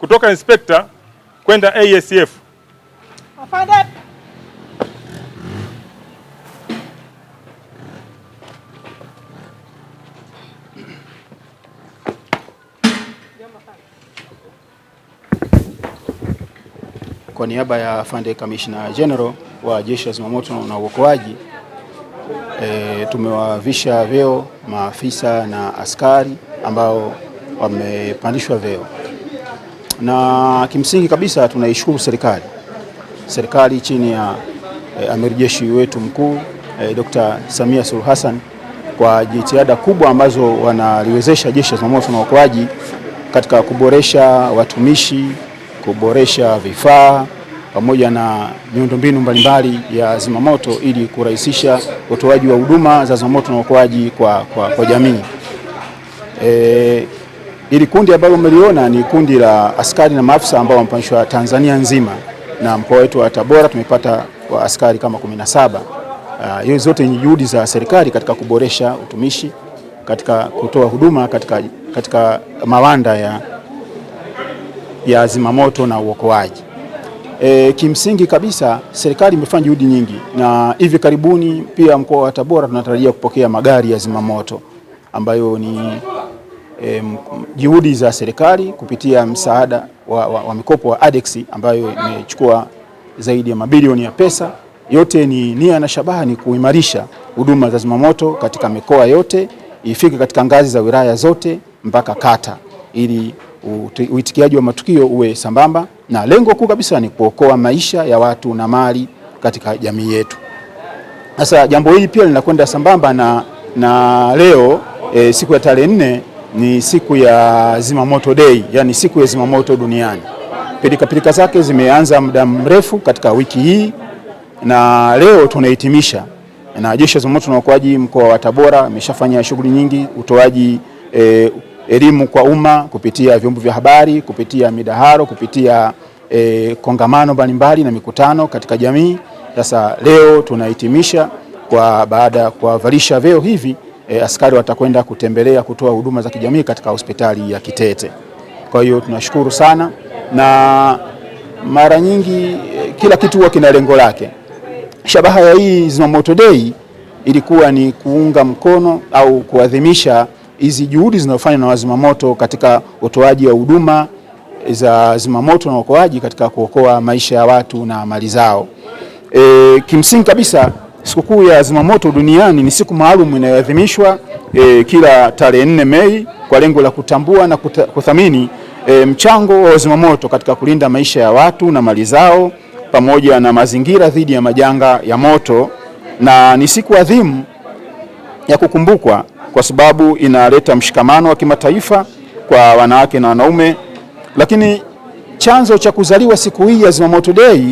kutoka inspekta kwenda ASF. Afande. Kwa niaba ya afande kamishna general wa jeshi la zimamoto na uokoaji e, tumewavisha vyeo maafisa na askari ambao wamepandishwa vyeo na kimsingi kabisa tunaishukuru serikali, serikali chini ya e, amiri jeshi wetu mkuu e, eh, Dr. Samia Suluhu Hassan kwa jitihada kubwa ambazo wanaliwezesha jeshi la zimamoto na uokoaji katika kuboresha watumishi, kuboresha vifaa pamoja na miundombinu mbalimbali ya zimamoto ili kurahisisha utoaji wa huduma za zimamoto na uokoaji kwa, kwa, kwa jamii e, Hili kundi ambalo mmeliona ni kundi la askari na maafisa ambao wamepanishwa Tanzania nzima na mkoa wetu wa Tabora tumepata askari kama kumi na saba. Ah, hiyo uh, zote ni juhudi za serikali katika kuboresha utumishi katika kutoa huduma katika, katika mawanda ya, ya zimamoto na uokoaji. E, kimsingi kabisa serikali imefanya juhudi nyingi na hivi karibuni pia mkoa wa Tabora tunatarajia kupokea magari ya zimamoto ambayo ni e, juhudi za serikali kupitia msaada wa, wa, wa mikopo wa ADEX ambayo imechukua zaidi ya mabilioni ya pesa yote ni nia na shabaha ni kuimarisha huduma za zimamoto katika mikoa yote, ifike katika ngazi za wilaya zote mpaka kata, ili uitikiaji wa matukio uwe sambamba, na lengo kuu kabisa ni kuokoa maisha ya watu na mali katika jamii yetu. Sasa jambo hili pia linakwenda sambamba na, na leo e, siku ya tarehe nne ni siku ya zimamoto day, yani siku ya zimamoto duniani. pilika zake zimeanza muda mrefu katika wiki hii na leo tunahitimisha, na jeshi la zimamoto na uokoaji mkoa wa Tabora ameshafanya shughuli nyingi, utoaji e, elimu kwa umma kupitia vyombo vya habari, kupitia midaharo, kupitia e, kongamano mbalimbali na mikutano katika jamii. Sasa leo tunahitimisha kwa baada ya kuwavalisha vyeo hivi e, askari watakwenda kutembelea kutoa huduma za kijamii katika hospitali ya Kitete. Kwa hiyo tunashukuru sana, na mara nyingi e, kila kitu huwa kina lengo lake. Shabaha ya hii Zimamoto Day ilikuwa ni kuunga mkono au kuadhimisha hizi juhudi zinazofanywa na wazimamoto katika utoaji wa huduma za zimamoto na uokoaji katika kuokoa maisha ya watu na mali zao. E, kimsingi kabisa Sikukuu ya zimamoto duniani ni siku maalum inayoadhimishwa e, kila tarehe nne Mei kwa lengo la kutambua na kuta, kuthamini e, mchango wa zimamoto katika kulinda maisha ya watu na mali zao pamoja na mazingira dhidi ya majanga ya moto, na ni siku adhimu ya kukumbukwa kwa sababu inaleta mshikamano wa kimataifa kwa wanawake na wanaume. Lakini chanzo cha kuzaliwa siku hii ya Zimamoto Day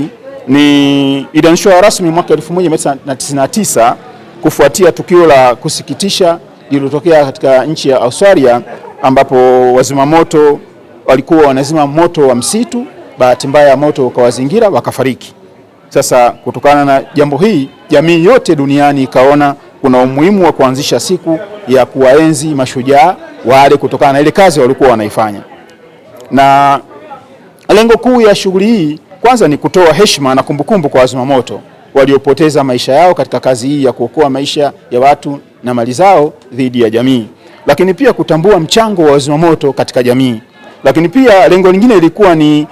ni ilianzishwa rasmi mwaka 1999 kufuatia tukio la kusikitisha lililotokea katika nchi ya Australia ambapo wazima moto walikuwa wanazima moto wa msitu, bahati mbaya moto ukawazingira wakafariki. Sasa kutokana na jambo hii jamii yote duniani ikaona kuna umuhimu wa kuanzisha siku ya kuwaenzi mashujaa wale kutokana na ile kazi walikuwa wanaifanya, na lengo kuu ya shughuli hii kwanza ni kutoa heshima na kumbukumbu kwa wazimamoto waliopoteza maisha yao katika kazi hii ya kuokoa maisha ya watu na mali zao dhidi ya jamii, lakini pia kutambua mchango wa wazimamoto katika jamii. Lakini pia lengo lingine lilikuwa ni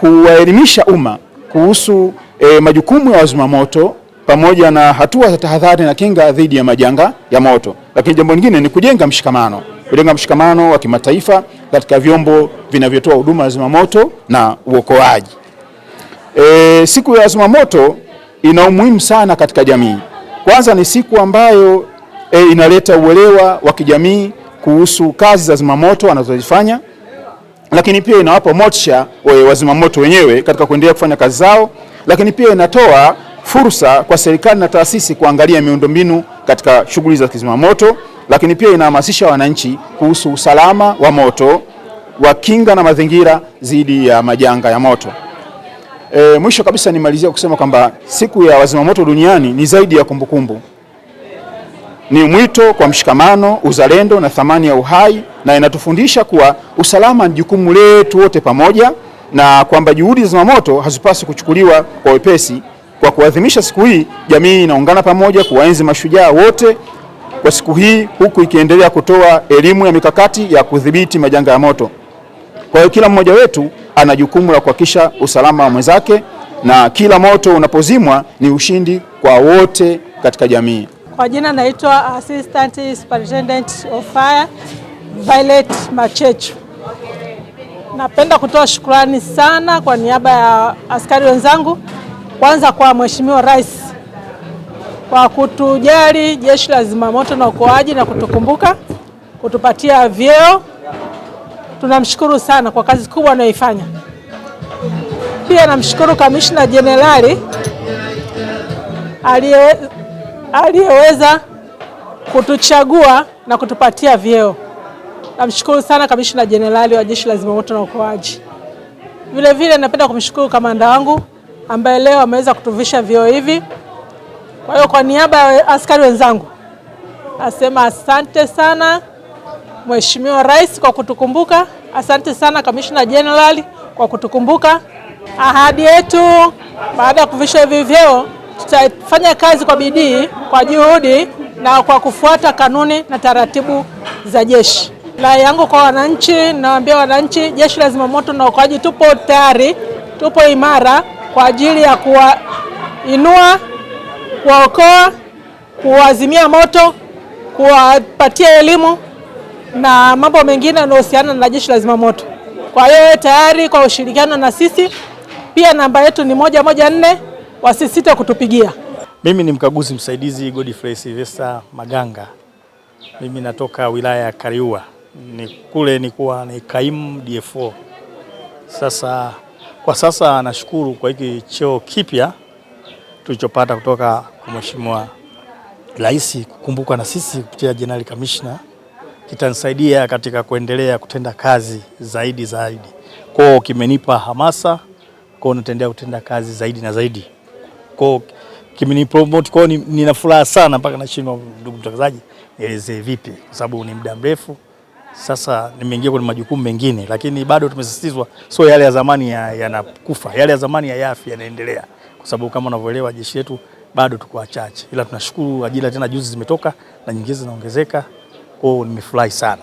kuwaelimisha umma kuhusu e, majukumu ya wazimamoto pamoja na hatua za tahadhari na kinga dhidi ya majanga ya moto. Lakini jambo lingine ni kujenga mshikamano, kujenga mshikamano wa kimataifa katika vyombo vinavyotoa huduma za zimamoto na uokoaji. E, siku ya zimamoto ina umuhimu sana katika jamii. Kwanza ni siku ambayo e, inaleta uelewa wa kijamii kuhusu kazi za zimamoto wanazozifanya, lakini pia inawapa motisha wazimamoto wenyewe katika kuendelea kufanya kazi zao, lakini pia inatoa fursa kwa serikali na taasisi kuangalia miundombinu katika shughuli za kizimamoto, lakini pia inahamasisha wananchi kuhusu usalama wa moto wa kinga na mazingira dhidi ya majanga ya moto. E, mwisho kabisa nimalizia kusema kwamba siku ya wazimamoto duniani ni zaidi ya kumbukumbu, ni mwito kwa mshikamano, uzalendo na thamani ya uhai, na inatufundisha kuwa usalama ni jukumu letu wote pamoja, na kwamba juhudi za zimamoto hazipaswi kuchukuliwa kwa wepesi. Kwa kuadhimisha siku hii, jamii inaungana pamoja kuwaenzi mashujaa wote kwa siku hii, huku ikiendelea kutoa elimu ya mikakati ya kudhibiti majanga ya moto. Kwa hiyo kila mmoja wetu ana jukumu la kuhakikisha usalama wa mwenzake, na kila moto unapozimwa ni ushindi kwa wote katika jamii. Kwa jina naitwa Assistant Superintendent of Fire Violet Machechu. Napenda kutoa shukrani sana kwa niaba ya askari wenzangu, kwanza kwa Mheshimiwa Rais kwa kutujali Jeshi la Zimamoto na ukoaji na kutukumbuka, kutupatia vyeo tunamshukuru sana kwa kazi kubwa anayoifanya. Pia namshukuru kamishna jenerali aliyeweza kutuchagua na kutupatia vyeo. Namshukuru sana kamishna jenerali wa jeshi la zimamoto na uokoaji. Vile vile napenda kumshukuru kamanda wangu ambaye leo ameweza kutuvisha vyeo hivi. Kwa hiyo kwa niaba ya askari wenzangu nasema asante sana. Mheshimiwa Rais kwa kutukumbuka. Asante sana Kamishna General kwa kutukumbuka. Ahadi yetu baada ya kuvisha hivi vyeo, tutafanya kazi kwa bidii, kwa juhudi na kwa kufuata kanuni na taratibu za jeshi. Rai yangu kwa wananchi, nawaambia wananchi, jeshi la zimamoto na uokoaji tupo tayari, tupo imara kwa ajili ya kuwainua, kuwaokoa, kuwazimia moto, kuwapatia elimu na mambo mengine yanayohusiana na jeshi la zimamoto. Kwa hiyo tayari kwa ushirikiano na sisi pia, namba yetu ni moja moja nne, wasisite kutupigia. Mimi ni mkaguzi msaidizi Godfrey silvesta Maganga, mimi natoka wilaya ya Kariua, ni kule nikuwa ni kaimu DFO. Sasa kwa sasa nashukuru kwa hiki cheo kipya tulichopata kutoka kwa Mheshimiwa Rais, kukumbukwa na sisi kupitia Jenerali Kamishna kitanisaidia katika kuendelea kutenda kazi zaidi zaidi. Kwa hiyo kimenipa hamasa, kwa hiyo nitaendelea kutenda kazi zaidi na zaidi. Kwa Kwao kimenipromote, hiyo nina furaha sana mpaka nashindwa, ndugu mtangazaji, nielezee vipi, kwa sababu ni muda mrefu sasa nimeingia kwenye majukumu mengine, lakini bado tumesisitizwa, sio yale ya zamani yanakufa, ya yale ya zamani ya yafi yanaendelea, kwa sababu kama unavyoelewa jeshi letu bado tuko wachache, ila tunashukuru ajira tena juzi zimetoka na nyingine zinaongezeka. Kwa nimefurahi sana,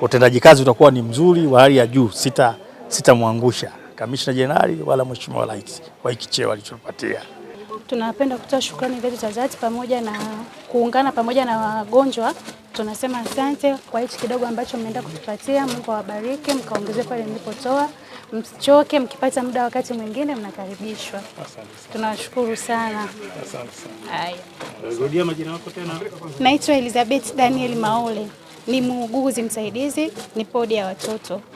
utendaji kazi utakuwa ni mzuri wa hali ya juu, sita sitamwangusha kamishna jenerali wala mheshimiwa rais kwa hiki cheo alichopatia. Tunapenda kutoa shukrani zetu za dhati pamoja na kuungana pamoja na wagonjwa. Tunasema asante kwa hichi kidogo ambacho mmeenda kutupatia. Mungu awabariki mkaongeze pale mlipotoa mchoke mkipata muda wakati mwingine mnakaribishwa. Tunawashukuru sana. rudia majina yako tena. Naitwa Elizabeth Daniel Maole, ni muuguzi msaidizi, ni podi ya watoto.